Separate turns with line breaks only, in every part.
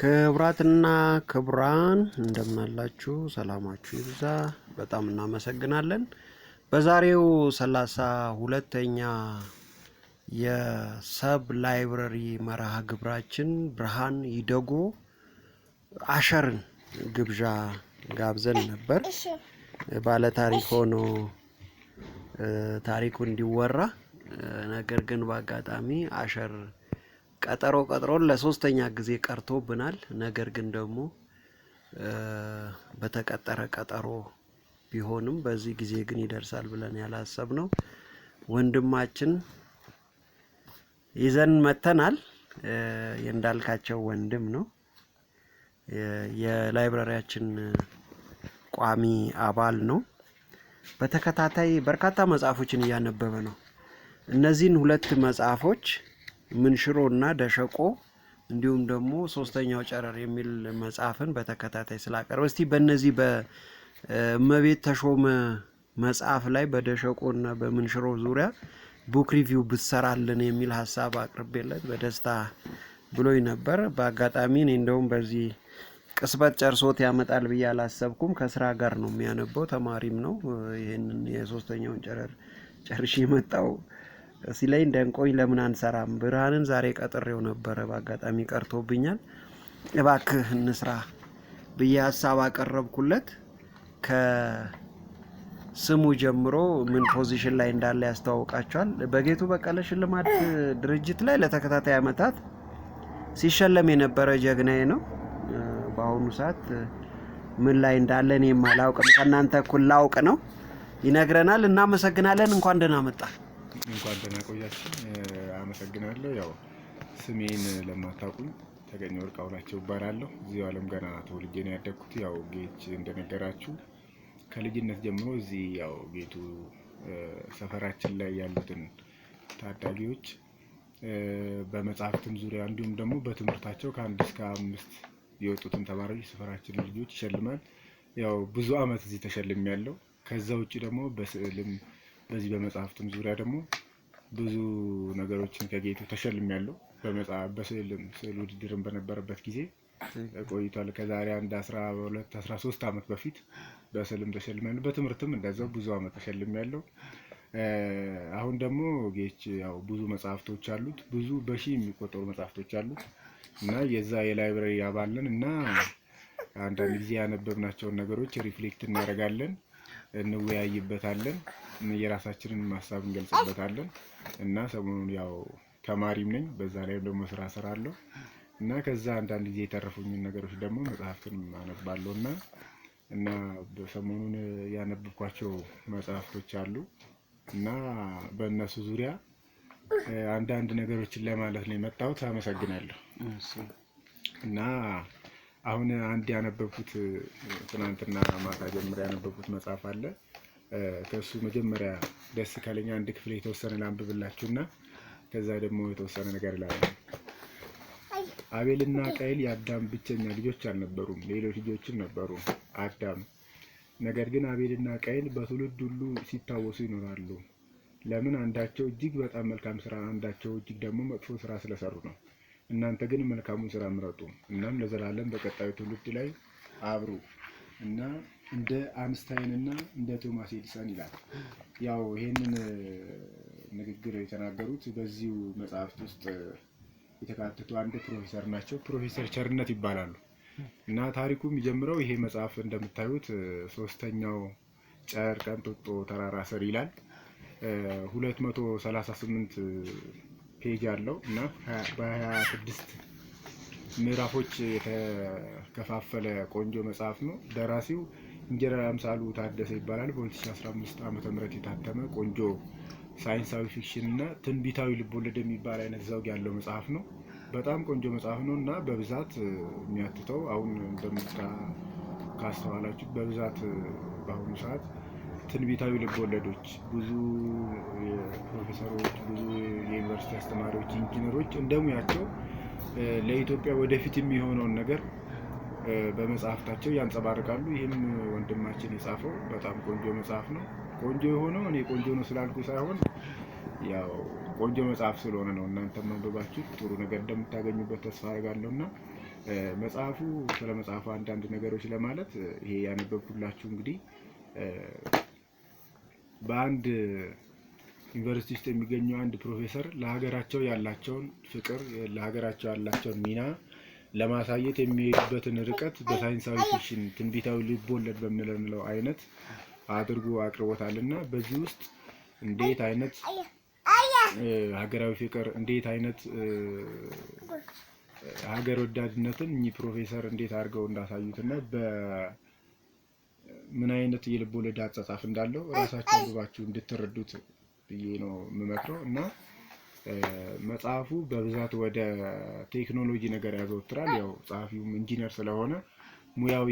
ክቡራትና ክቡራን እንደምናላችሁ ሰላማችሁ ይብዛ። በጣም እናመሰግናለን። በዛሬው ሰላሳ ሁለተኛ የሰብ ላይብረሪ መርሃ ግብራችን ብርሃን ይደጎ አሸርን ግብዣ ጋብዘን ነበር። ባለ ታሪክ ሆኖ ታሪኩ እንዲወራ ነገር ግን በአጋጣሚ አሸር ቀጠሮ ቀጥሮን ለሶስተኛ ጊዜ ቀርቶብናል። ነገር ግን ደግሞ በተቀጠረ ቀጠሮ ቢሆንም በዚህ ጊዜ ግን ይደርሳል ብለን ያላሰብ ነው ወንድማችን ይዘን መተናል። የእንዳልካቸው ወንድም ነው። የላይብረሪያችን ቋሚ አባል ነው። በተከታታይ በርካታ መጽሐፎችን እያነበበ ነው። እነዚህን ሁለት መጽሐፎች ምንሽሮ እና ደሸቆ እንዲሁም ደግሞ ሶስተኛው ጨረር የሚል መጽሐፍን በተከታታይ ስላቀርብ እስቲ በእነዚህ በእመቤት ተሾመ መጽሐፍ ላይ በደሸቆ እና በምንሽሮ ዙሪያ ቡክ ሪቪው ብሰራልን የሚል ሀሳብ አቅርቤለት በደስታ ብሎኝ ነበር። በአጋጣሚ እኔ እንደውም በዚህ ቅስበት ጨርሶት ያመጣል ብዬ አላሰብኩም። ከስራ ጋር ነው የሚያነበው፣ ተማሪም ነው። ይህንን የሶስተኛውን ጨረር ጨርሼ የመጣው እዚህ ላይ እንደንቆይ ለምን አንሰራም? ብርሃንን ዛሬ ቀጥሬው ነበረ፣ በአጋጣሚ ቀርቶብኛል። እባክህ እንስራ ብዬ ሀሳብ አቀረብኩለት። ከስሙ ጀምሮ ምን ፖዚሽን ላይ እንዳለ ያስተዋውቃቸዋል። በጌቱ በቀለ ሽልማት ድርጅት ላይ ለተከታታይ ዓመታት ሲሸለም የነበረ ጀግናዬ ነው። በአሁኑ ሰዓት ምን ላይ እንዳለ እኔም አላውቅም። ከእናንተ እኩል ላውቅ ነው። ይነግረናል። እናመሰግናለን። እንኳን ደህና መጣ።
እንኳን ደህና ቆያችን አመሰግናለሁ። ያው ስሜን ለማታውቁኝ ተገኘ ወርቅ አውላቸው እባላለሁ። እዚሁ ዓለም ገና ተወልጄ ነው ያደግኩት። ያው ጌች እንደነገራችሁ ከልጅነት ጀምሮ እዚህ ያው ጌቱ ሰፈራችን ላይ ያሉትን ታዳጊዎች በመጽሐፍትም ዙሪያ እንዲሁም ደግሞ በትምህርታቸው ከአንድ እስከ አምስት የወጡትን ተማሪዎች ሰፈራችን ልጆች ይሸልማል። ያው ብዙ አመት እዚህ ያለው ከዛ ውጭ ደግሞ በስዕልም በዚህ በመጽሐፍትም ዙሪያ ደግሞ ብዙ ነገሮችን ከጌቱ ተሸልም ያለው በስዕልም ስዕል ውድድርም በነበረበት ጊዜ ቆይቷል። ከዛሬ አንድ አስራ ሁለት አስራ ሶስት ዓመት በፊት በስዕልም ተሸልሚያለሁ። በትምህርትም እንደዛው ብዙ ዓመት ያለው። አሁን ደግሞ ጌች ያው ብዙ መጽሐፍቶች አሉት፣ ብዙ በሺ የሚቆጠሩ መጽሐፍቶች አሉት እና የዛ የላይብረሪ አባልን እና አንዳንድ ጊዜ ያነበብናቸውን ነገሮች ሪፍሌክት እናደርጋለን። እንወያይበታለን፣ የራሳችንን ሀሳብ እንገልጽበታለን እና ሰሞኑን ያው ተማሪም ነኝ በዛ ላይም ደግሞ ስራ ሰራለሁ እና ከዛ አንዳንድ ጊዜ የተረፉኝን ነገሮች ደግሞ መጽሐፍትን አነባለሁ እና እና ሰሞኑን ያነብብኳቸው መጽሐፍቶች አሉ እና በእነሱ ዙሪያ አንዳንድ ነገሮችን ለማለት ነው የመጣሁት። አመሰግናለሁ እና አሁን አንድ ያነበብኩት ትናንትና ማታ ጀምሮ ያነበብኩት መጽሐፍ አለ። ከእሱ መጀመሪያ ደስ ካለኝ አንድ ክፍል የተወሰነ ላንብብላችሁ እና ከዛ ደግሞ የተወሰነ ነገር ላለ አቤልና ቃይል የአዳም ብቸኛ ልጆች አልነበሩም፣ ሌሎች ልጆችም ነበሩ። አዳም ነገር ግን አቤልና ቃይል በትውልድ ሁሉ ሲታወሱ ይኖራሉ። ለምን? አንዳቸው እጅግ በጣም መልካም ስራ፣ አንዳቸው እጅግ ደግሞ መጥፎ ስራ ስለሰሩ ነው። እናንተ ግን መልካሙን ስራ ምረጡ፣ እናም ለዘላለም በቀጣዩ ትውልድ ላይ አብሩ እና እንደ አንስታይን እና እንደ ቶማስ ኤዲሰን ይላል። ያው ይሄንን ንግግር የተናገሩት በዚሁ መጽሐፍት ውስጥ የተካተቱ አንድ ፕሮፌሰር ናቸው። ፕሮፌሰር ቸርነት ይባላሉ እና ታሪኩ የሚጀምረው ይሄ መጽሐፍ እንደምታዩት ሶስተኛው ጨርቀን ተራራ ስር ይላል 238 ፔጅ አለው እና በ26 ምዕራፎች የተከፋፈለ ቆንጆ መጽሐፍ ነው። ደራሲው እንጀራ አምሳሉ ታደሰ ይባላል። በ2015 ዓ ም የታተመ ቆንጆ ሳይንሳዊ ፊክሽን እና ትንቢታዊ ልቦለድ የሚባል አይነት ዘውግ ያለው መጽሐፍ ነው። በጣም ቆንጆ መጽሐፍ ነው እና በብዛት የሚያትተው አሁን እንደምታ ካስተዋላችሁ በብዛት በአሁኑ ሰዓት ትንቢታዊ ልብ ወለዶች ብዙ ፕሮፌሰሮች፣ ብዙ የዩኒቨርሲቲ አስተማሪዎች፣ ኢንጂነሮች እንደሙያቸው ለኢትዮጵያ ወደፊት የሚሆነውን ነገር በመጽሐፍታቸው ያንጸባርቃሉ። ይህም ወንድማችን የጻፈው በጣም ቆንጆ መጽሐፍ ነው። ቆንጆ የሆነው እኔ ቆንጆ ነው ስላልኩ ሳይሆን ያው ቆንጆ መጽሐፍ ስለሆነ ነው። እናንተ ማንበባችሁ ጥሩ ነገር እንደምታገኙበት ተስፋ አደርጋለሁ እና መጽሐፉ ስለ መጽሐፉ አንዳንድ ነገሮች ለማለት ይሄ ያነበብኩላችሁ እንግዲህ በአንድ ዩኒቨርሲቲ ውስጥ የሚገኙ አንድ ፕሮፌሰር ለሀገራቸው ያላቸውን ፍቅር ለሀገራቸው ያላቸውን ሚና ለማሳየት የሚሄዱበትን ርቀት በሳይንሳዊ ፊክሽን ትንቢታዊ ልቦለድ በምንለው አይነት አድርጎ አቅርቦታል እና በዚህ ውስጥ እንዴት አይነት ሀገራዊ ፍቅር እንዴት አይነት ሀገር ወዳድነትን እኚህ ፕሮፌሰር እንዴት አድርገው እንዳሳዩት እና ምን አይነት የልቦለድ አጻጻፍ እንዳለው ራሳቸው አንብባችሁ እንድትረዱት ብዬ ነው የምመክረው እና መጽሐፉ በብዛት ወደ ቴክኖሎጂ ነገር ያዘወትራል። ያው ጸሐፊውም ኢንጂነር ስለሆነ ሙያዊ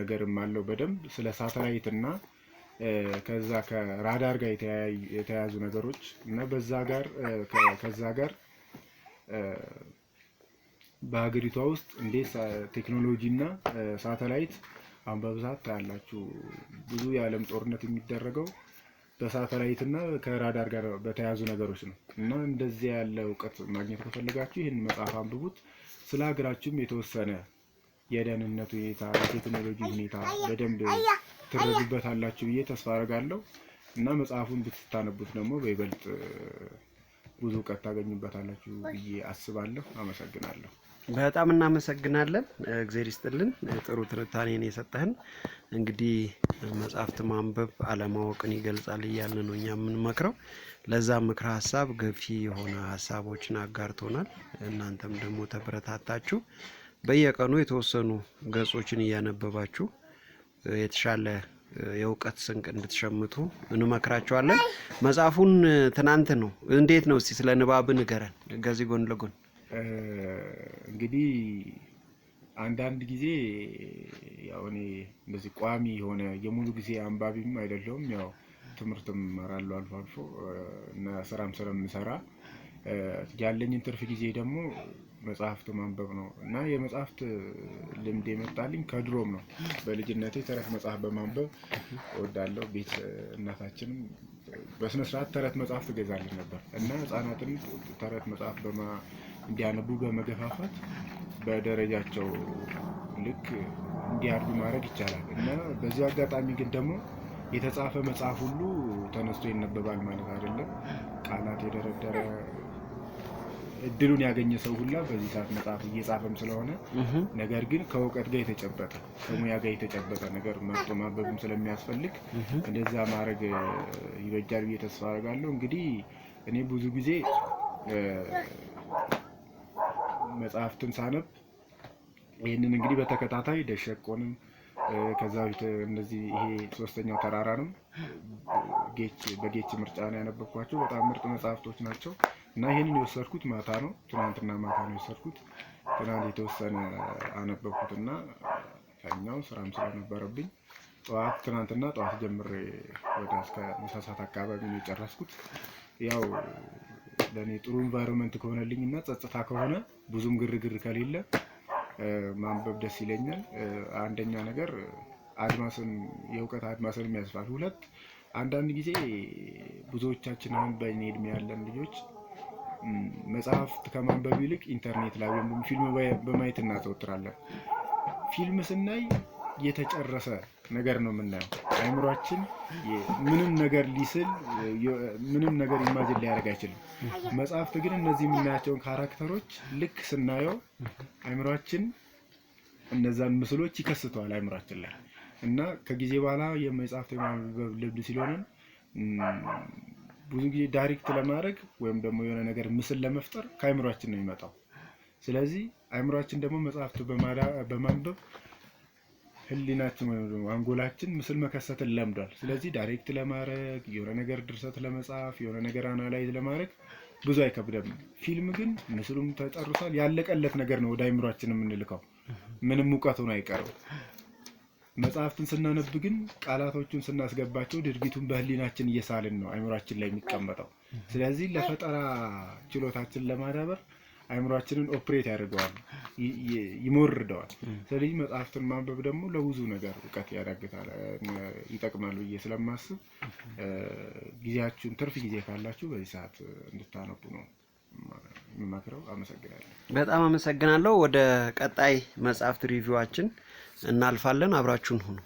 ነገርም አለው በደንብ ስለ ሳተላይት እና ከዛ ከራዳር ጋር የተያያዙ ነገሮች እና በዛ ጋር ከዛ ጋር በሀገሪቷ ውስጥ እንዴት ቴክኖሎጂ እና ሳተላይት አሁን በብዛት ታያላችሁ። ብዙ የዓለም ጦርነት የሚደረገው በሳተላይት እና ከራዳር ጋር በተያያዙ ነገሮች ነው እና እንደዚያ ያለ እውቀት ማግኘት ከፈለጋችሁ ይህን መጽሐፍ አንብቡት። ስለ ሀገራችሁም የተወሰነ የደህንነት ሁኔታ፣ የቴክኖሎጂ ሁኔታ በደንብ ትረዱበታላችሁ ብዬ ተስፋ አደርጋለሁ እና መጽሐፉን ብትታነቡት ደግሞ በይበልጥ ብዙ እውቀት ታገኙበታላችሁ ብዬ አስባለሁ። አመሰግናለሁ።
በጣም እናመሰግናለን። እግዜር ይስጥልን። ጥሩ ትንታኔን የሰጠህን። እንግዲህ መጽሐፍት ማንበብ አለማወቅን ይገልጻል እያለ ነው እኛ የምንመክረው። ለዛ ምክረ ሀሳብ ገፊ የሆነ ሀሳቦችን አጋርቶናል። እናንተም ደግሞ ተበረታታችሁ በየቀኑ የተወሰኑ ገጾችን እያነበባችሁ የተሻለ የእውቀት ስንቅ እንድትሸምቱ እንመክራችኋለን። መጽሐፉን ትናንት ነው እንዴት ነው? እስቲ ስለ ንባብ ንገረን ከዚህ ጎን ለጎን
እንግዲህ አንዳንድ ጊዜ ያው እኔ እንደዚህ ቋሚ የሆነ የሙሉ ጊዜ አንባቢም አይደለውም ያው ትምህርትም እመራለሁ አልፎ አልፎ እና ስራም ስለምሰራ ያለኝን ትርፍ ጊዜ ደግሞ መጽሐፍት ማንበብ ነው እና የመጽሐፍት ልምድ የመጣልኝ ከድሮም ነው። በልጅነቴ ተረት መጽሐፍ በማንበብ እወዳለሁ። ቤት እናታችንም በስነስርዓት ተረት መጽሐፍ ትገዛልን ነበር እና ህጻናትን ተረት መጽሐፍ በማ እንዲያነቡ በመገፋፋት በደረጃቸው ልክ እንዲያድጉ ማድረግ ይቻላል እና በዚህ አጋጣሚ ግን ደግሞ የተጻፈ መጽሐፍ ሁሉ ተነስቶ ይነበባል ማለት አይደለም። ቃላት የደረደረ እድሉን ያገኘ ሰው ሁላ በዚህ ሰዓት መጽሐፍ እየጻፈም ስለሆነ ነገር ግን ከእውቀት ጋር የተጨበጠ ከሙያ ጋር የተጨበጠ ነገር መርጦ ማንበብም ስለሚያስፈልግ እንደዛ ማድረግ ይበጃል ብዬ ተስፋ አደርጋለሁ። እንግዲህ እኔ ብዙ ጊዜ መጽሐፍትን ሳነብ ይህንን እንግዲህ በተከታታይ ደሸቆንም ከዛ በፊት እነዚህ ይሄ ሶስተኛው ተራራንም በጌች ምርጫ ነው ያነበብኳቸው። በጣም ምርጥ መጽሐፍቶች ናቸው እና ይህንን የወሰድኩት ማታ ነው፣ ትናንትና ማታ ነው የወሰድኩት። ትናንት የተወሰነ አነበብኩት እና ከኛው ስራም ስለነበረብኝ ጠዋት ትናንትና ጠዋት ጀምሬ ወደ እስከ ምሳ ሰዓት አካባቢ ነው የጨረስኩት ያው ለእኔ ጥሩ ኢንቫይሮንመንት ከሆነልኝ እና ጸጥታ ከሆነ ብዙም ግርግር ከሌለ ማንበብ ደስ ይለኛል። አንደኛ ነገር አድማስን የእውቀት አድማስን የሚያስፋል። ሁለት አንዳንድ ጊዜ ብዙዎቻችን አሁን በእኔ እድሜ ያለን ልጆች መጽሐፍት ከማንበብ ይልቅ ኢንተርኔት ላይ ወይም ፊልም በማየት እናዘወትራለን። ፊልም ስናይ የተጨረሰ ነገር ነው የምናየው። አይምሯችን ምንም ነገር ሊስል ምንም ነገር ኢማጅን ሊያደርግ አይችልም። መጽሐፍት ግን እነዚህ የምናያቸውን ካራክተሮች ልክ ስናየው አእምሯችን እነዛን ምስሎች ይከስተዋል አይምሯችን ላይ እና ከጊዜ በኋላ የመጽሐፍት የማንበብ ልምድ ሲሆነን ብዙ ጊዜ ዳይሬክት ለማድረግ ወይም ደግሞ የሆነ ነገር ምስል ለመፍጠር ከአእምሯችን ነው የሚመጣው። ስለዚህ አይምሯችን ደግሞ መጽሐፍት በማንበብ ህሊናችን ወይም ደግሞ አንጎላችን ምስል መከሰትን ለምዷል። ስለዚህ ዳይሬክት ለማድረግ የሆነ ነገር ድርሰት ለመጻፍ የሆነ ነገር አናላይዝ ለማድረግ ብዙ አይከብደም። ፊልም ግን ምስሉም ተጨርሷል፣ ያለቀለት ነገር ነው ወደ አይምሯችን የምንልከው ምንም ነው አይቀርም። መጽሐፍትን ስናነብ ግን ቃላቶቹን ስናስገባቸው ድርጊቱን በህሊናችን እየሳልን ነው አይምሯችን ላይ የሚቀመጠው። ስለዚህ ለፈጠራ ችሎታችን ለማዳበር አይምሯችንን ኦፕሬት ያደርገዋል፣ ይሞርደዋል። ስለዚህ መጽሐፍትን ማንበብ ደግሞ ለብዙ ነገር እውቀት ያዳግታል፣ ይጠቅማል ብዬ ስለማስብ ጊዜያችሁን ትርፍ ጊዜ ካላችሁ በዚህ ሰዓት እንድታነቡ ነው የምመክረው። አመሰግናለሁ።
በጣም አመሰግናለሁ። ወደ ቀጣይ መጽሐፍት ሪቪዋችን እናልፋለን። አብራችሁን ሁኑ።